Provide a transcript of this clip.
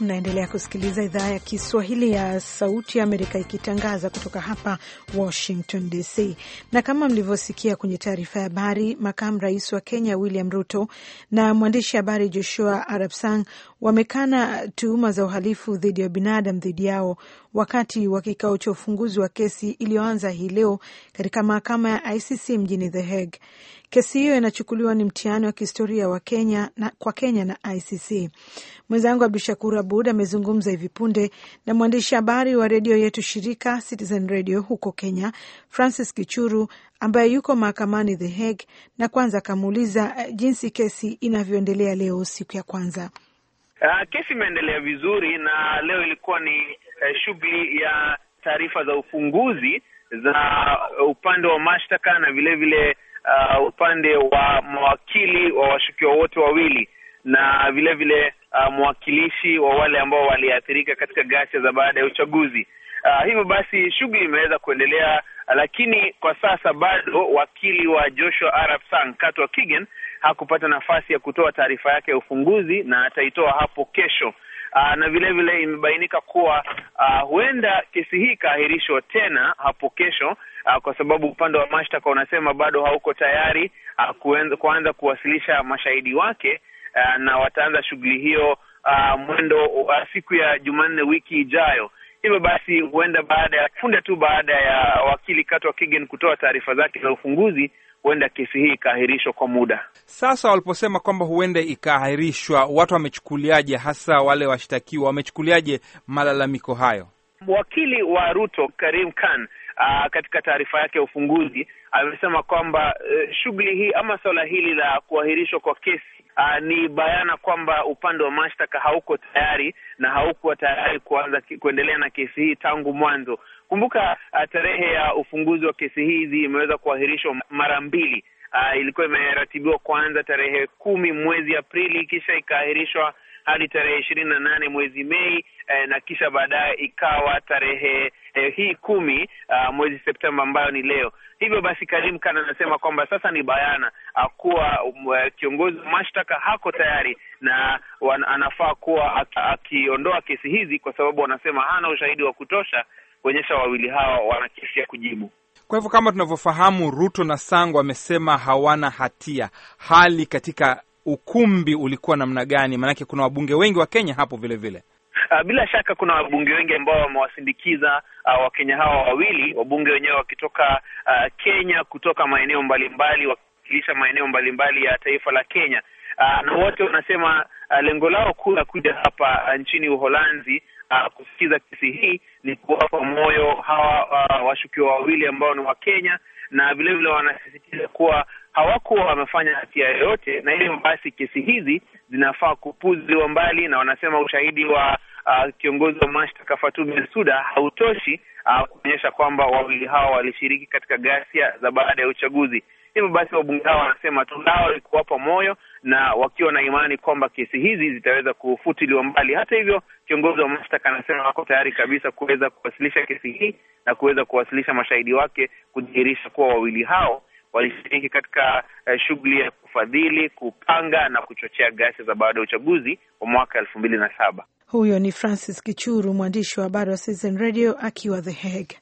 Mnaendelea kusikiliza idhaa ya Kiswahili ya Sauti ya Amerika ikitangaza kutoka hapa Washington DC, na kama mlivyosikia kwenye taarifa ya habari, makamu rais wa Kenya William Ruto na mwandishi habari Joshua Arabsang wamekana tuhuma za uhalifu dhidi ya binadamu dhidi yao wakati wa kikao cha ufunguzi wa kesi iliyoanza hii leo katika mahakama ya ICC mjini The Hague. Kesi hiyo inachukuliwa ni mtihani wa kihistoria wa Kenya na, kwa Kenya na ICC. Mwenzangu Abdu Shakur Abud amezungumza hivi punde na mwandishi habari wa redio yetu shirika Citizen Radio huko Kenya, Francis Kichuru ambaye yuko mahakamani The Hague, na kwanza akamuuliza eh, jinsi kesi inavyoendelea leo siku ya kwanza. Uh, kesi imeendelea vizuri na leo ilikuwa ni uh, shughuli ya taarifa za ufunguzi za upande wa mashtaka na vilevile uh, ah, upande wa mawakili wa washukiwa wote wawili na vilevile uh, ah, mwakilishi wa wale ambao waliathirika katika ghasia za baada ya uchaguzi. Uh, hivyo basi shughuli imeweza kuendelea, lakini kwa sasa bado wakili wa Joshua Arap Sang Katwa Kigen hakupata nafasi ya kutoa taarifa yake ya ufunguzi na ataitoa hapo kesho. Aa, ah, na vile vile imebainika kuwa uh, huenda kesi hii ikaahirishwa tena hapo kesho uh, kwa sababu upande wa mashtaka unasema bado hauko tayari uh, kuanza kuwasilisha mashahidi wake uh, na wataanza shughuli hiyo uh, mwendo uh, siku ya Jumanne wiki ijayo. Hivyo basi huenda baada ya punde tu baada ya wakili Katwa Kigen kutoa taarifa zake za ufunguzi huenda kesi hii ikaahirishwa kwa muda. Sasa waliposema kwamba huenda ikaahirishwa, watu wamechukuliaje, hasa wale washtakiwa wamechukuliaje malalamiko hayo? Wakili wa Ruto Karim Khan Aa, katika taarifa yake ya ufunguzi amesema kwamba uh, shughuli hii ama suala hili la kuahirishwa kwa kesi Uh, ni bayana kwamba upande wa mashtaka hauko tayari na haukuwa tayari kuanza kuendelea na kesi hii tangu mwanzo. Kumbuka uh, tarehe ya ufunguzi wa kesi hizi imeweza kuahirishwa mara mbili. Uh, ilikuwa imeratibiwa kuanza tarehe kumi mwezi Aprili, kisha ikaahirishwa hadi tarehe ishirini na nane mwezi Mei eh, na kisha baadaye ikawa tarehe eh, hii kumi uh, mwezi Septemba ambayo ni leo. Hivyo basi Karim Khan anasema kwamba sasa ni bayana ah, kuwa um, eh, kiongozi wa mashtaka hako tayari na wan, anafaa kuwa akiondoa kesi hizi kwa sababu wanasema hana ushahidi wa kutosha kuonyesha wawili hawa wana kesi ya kujibu. Kwa hivyo kama tunavyofahamu, Ruto na Sango wamesema hawana hatia. Hali katika ukumbi ulikuwa namna gani? Maanake kuna wabunge wengi wa Kenya hapo vile vile. Uh, bila shaka kuna wabunge wengi ambao wamewasindikiza uh, Wakenya hawa wawili, wabunge wenyewe wakitoka uh, Kenya, kutoka maeneo mbalimbali, wakiwakilisha maeneo mbalimbali ya taifa la Kenya. Uh, na wote wanasema uh, lengo lao kuu la kuja hapa uh, nchini Uholanzi uh, kusikiza kesi hii ni kuwapa moyo hawa uh, washukiwa wawili ambao ni Wakenya na vilevile wanasisitiza kuwa hawakuwa wamefanya hatia yoyote, na hivyo basi kesi hizi zinafaa kupuziwa mbali, na wanasema ushahidi wa uh, kiongozi wa mashtaka Fatou Bensouda hautoshi uh, kuonyesha kwamba wawili hao walishiriki katika ghasia za baada ya uchaguzi. Hivyo basi wabunge hao wanasema tu lao walikuwapa moyo na wakiwa na imani kwamba kesi hizi zitaweza kufutiliwa mbali. Hata hivyo, kiongozi wa mashtaka anasema wako tayari kabisa kuweza kuwasilisha kesi hii na kuweza kuwasilisha mashahidi wake kudhihirisha kuwa wawili hao walishiriki katika eh, shughuli ya kufadhili, kupanga na kuchochea ghasia za baada ya uchaguzi wa mwaka elfu mbili na saba. Huyo ni Francis Kichuru, mwandishi wa habari wa Citizen Radio akiwa The Hague.